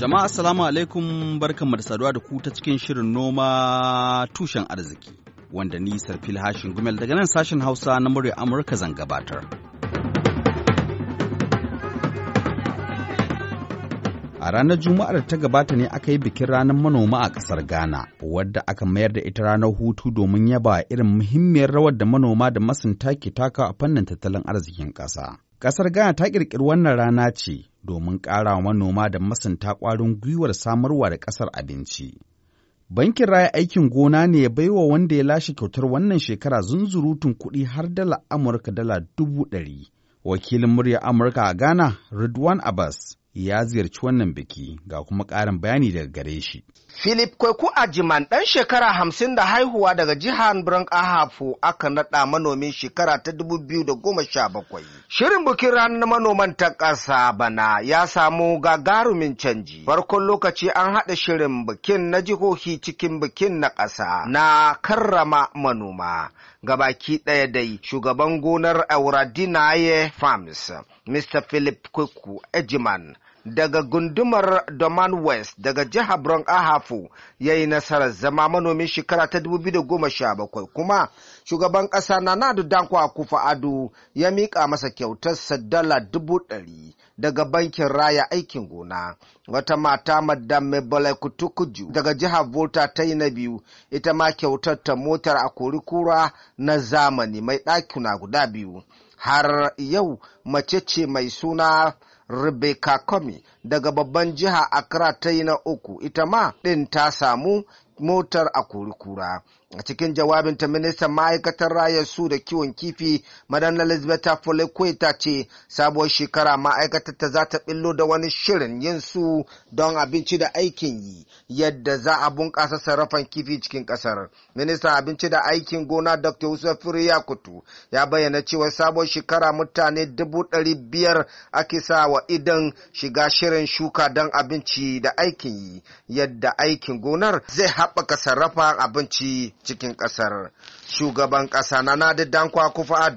Jama'a assalamu alaikum barkanmu da saduwa da ku ta cikin shirin noma tushen arziki wanda ni Sarfil Hashin Gumel daga nan sashen Hausa na murya Amurka zan gabatar. A ranar Juma'ar ta gabata ne aka yi bikin ranar manoma a ƙasar Ghana, wadda aka mayar da ita ranar hutu domin yaba irin muhimmiyar rawar da manoma da masunta ke taka a fannin tattalin arzikin ƙasa. Ƙasar Ghana ta ƙirƙiri wannan rana ce domin ƙara wa manoma da masunta ƙwarin gwiwar samarwa da ƙasar abinci. Bankin raya aikin gona ne ya baiwa wanda ya lashe kyautar wannan shekara zunzurutun kuɗi har dala Amurka dala dubu ɗari. Wakilin murya Amurka a Ghana, Ridwan Abbas, ya ziyarci wannan biki ga kuma ƙarin bayani daga gare shi. Philip Kweku Ajiman ɗan shekara hamsin da haihuwa daga jihar Biran Ahafu aka naɗa manomin shekara ta dubu biyu da goma sha bakwai. Shirin bikin ranar manoman ta ƙasa bana ya samu gagarumin canji. Farkon lokaci an haɗa shirin bikin na jihohi cikin bikin na ƙasa na karrama manoma. Gabaki ɗaya dai shugaban gonar Euradinaye Farms, Mr. Philip Kweku Ejiman daga gundumar Doman West daga jihar Bron Ahafu ya yi nasarar zama manomin shekara ta 2017 kuma shugaban ƙasa na Nadu Danko kufa Ado ya miƙa masa kyautar dala dubu ɗari daga bankin raya aikin gona. Wata mata Madam Mebola Kutukuju daga jihar Volta ta yi na biyu ita ma kyautar ta motar a kura na zamani mai ɗakuna guda biyu. Har yau mace ce mai suna Rebecca Comey daga babban jiha Accra ta na uku, ita ma ɗin ta samu motar a kurkura. a cikin jawabinta ministan ma'aikatar rayar su da kiwon kifi madan elizabeth folikwe ta ce sabuwar shekara ma'aikatar ta za ta billo da wani shirin yin su don abinci da aikin yi yadda za a bunƙasa sarrafan kifi cikin ƙasar ministan abinci da aikin gona dr yusuf ya kutu ya bayyana cewa sabuwar shekara mutane dubu ɗari biyar ake sa wa idan shiga shirin shuka don abinci da aikin yi yadda aikin gonar zai haɓaka sarrafa abinci cikin ƙasar. Shugaban ƙasa na Nadi Dankwa kufa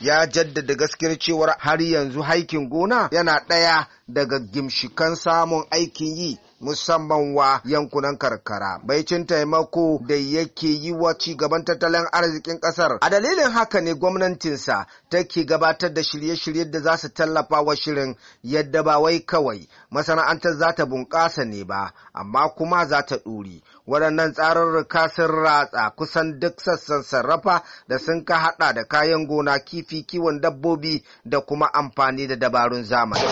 ya jaddada gaskiyar cewar har yanzu haikin gona yana ɗaya daga gimshikan samun aikin yi musamman wa yankunan karkara baicin taimako da yake yi wa cigaban tattalin arzikin ƙasar. a dalilin haka ne gwamnatinsa take gabatar da shirye shiryen da za su tallafa wa shirin yadda ba wai kawai masana'antar za ta bunƙasa ne ba amma kuma za ta ɗuri waɗannan tsarurruka sun ratsa kusan duk sassan sarrafa da sun ka haɗa da kayan gona kifi kiwon dabbobi da kuma amfani da dabarun zamani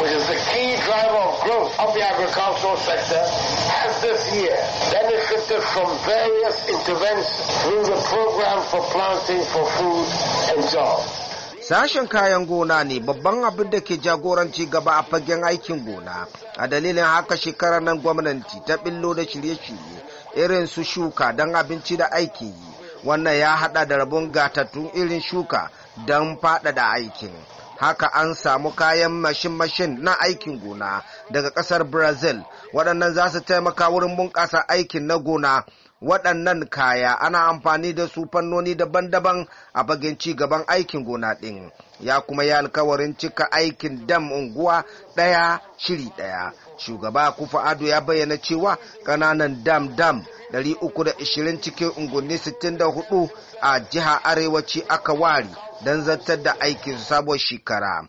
which is the key driver of growth of the agricultural sector, has this year benefited from various interventions through the program for planting for food and jobs. Sashen kayan gona ne babban abin da ke jagoranci gaba a fagen aikin gona. A dalilin haka shekarar nan gwamnati ta billo da shirye-shirye irin su shuka don abinci da aiki yi. Wannan ya haɗa da rabon gatattun irin shuka don faɗaɗa aikin. haka an samu kayan mashin-mashin na aikin gona daga ƙasar brazil waɗannan za su taimaka wurin bunƙasa aikin na gona waɗannan kaya ana amfani da su fannoni daban-daban a bagin gaban aikin gona ɗin ya kuma yi alkawarin cika aikin dam unguwa ɗaya shiri ɗaya shugaba kufa ado ya bayyana cewa ƙananan dam dam 320 cikin unguwanni 64 a jiha arewaci aka ware. don zartar da aikin sabon shekara.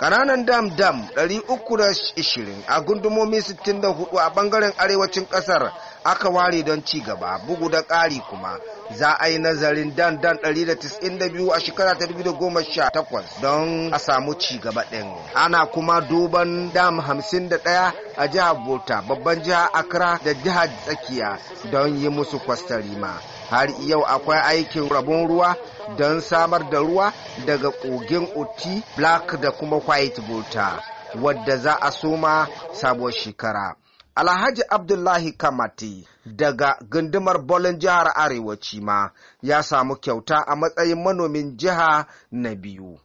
Ƙananan dam dam 320 a gundumomi 64 a ɓangaren arewacin ƙasar aka ware don ci gaba bugu da ƙari kuma za a yi nazarin dan dan 192 a shekara ta 2018 don a samu ci gaba ɗin ana kuma duban dam 51 a jihar bota babban jihar accra da jihar tsakiya don yi musu kwastarima har yau akwai aikin rabon ruwa don samar da ruwa daga kogin uti black da kuma white volta wadda za a soma sabuwar shekara alhaji abdullahi kamati daga gundumar bolin jihar arewaci ma ya samu kyauta a matsayin manomin jiha na biyu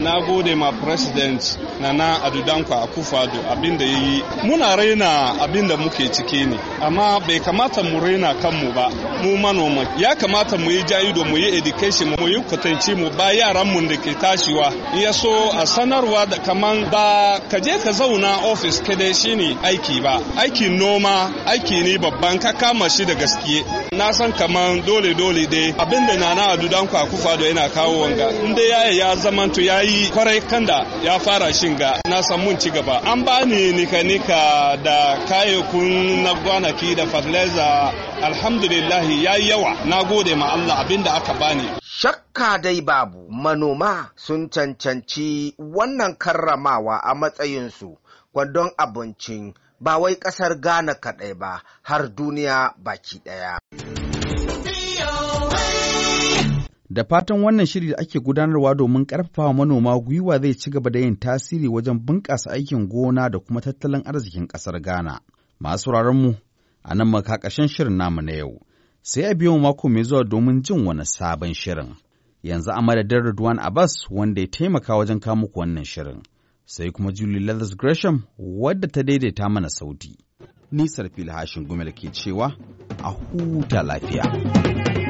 Na gode ma President Nana Adudankwa Akufado abin da ya yi. Muna raina abin da muke ciki ne, amma bai kamata mu raina kanmu ba, mu manoma. Ya kamata mu yi jayido mu yi education mu yi kwatanci mu ba yaranmu da ke tashiwa. Ya so a sanarwa da kaman ba ka je ka zauna ofis kada shi ne aiki ba. aiki noma aiki ne babban ka kama shi da gaske. Na san kaman dole dole dai abin da Nana Adudankwa Akufado yana kawo wanga. Inda ya ya zamanto ya yi yi kwarai Kanda ya fara shinga na samun ci gaba an ba ni nika nika da kayakun na gwanaki da fertilizer alhamdulillah ya yi yawa na gode ma Allah da aka bani shakka dai babu manoma sun cancanci wannan karramawa a matsayinsu kwandon abincin ba wai ƙasar Ghana kaɗai ba har duniya baki ɗaya. Da fatan wannan shiri da ake gudanarwa domin ƙarfafa manoma gwiwa zai ci gaba da yin tasiri wajen bunƙasa aikin gona da kuma tattalin arzikin ƙasar Ghana. Masu mu a nan makakashin shirin namu na yau, sai a biyo mako mai zuwa domin jin wani sabon shirin. Yanzu a madadin Ridwan Abbas wanda ya taimaka wajen kawo muku wannan shirin, sai kuma Julie Leathers Gresham wadda ta daidaita mana sauti. Nisar filhashin gumel ke cewa a huta lafiya.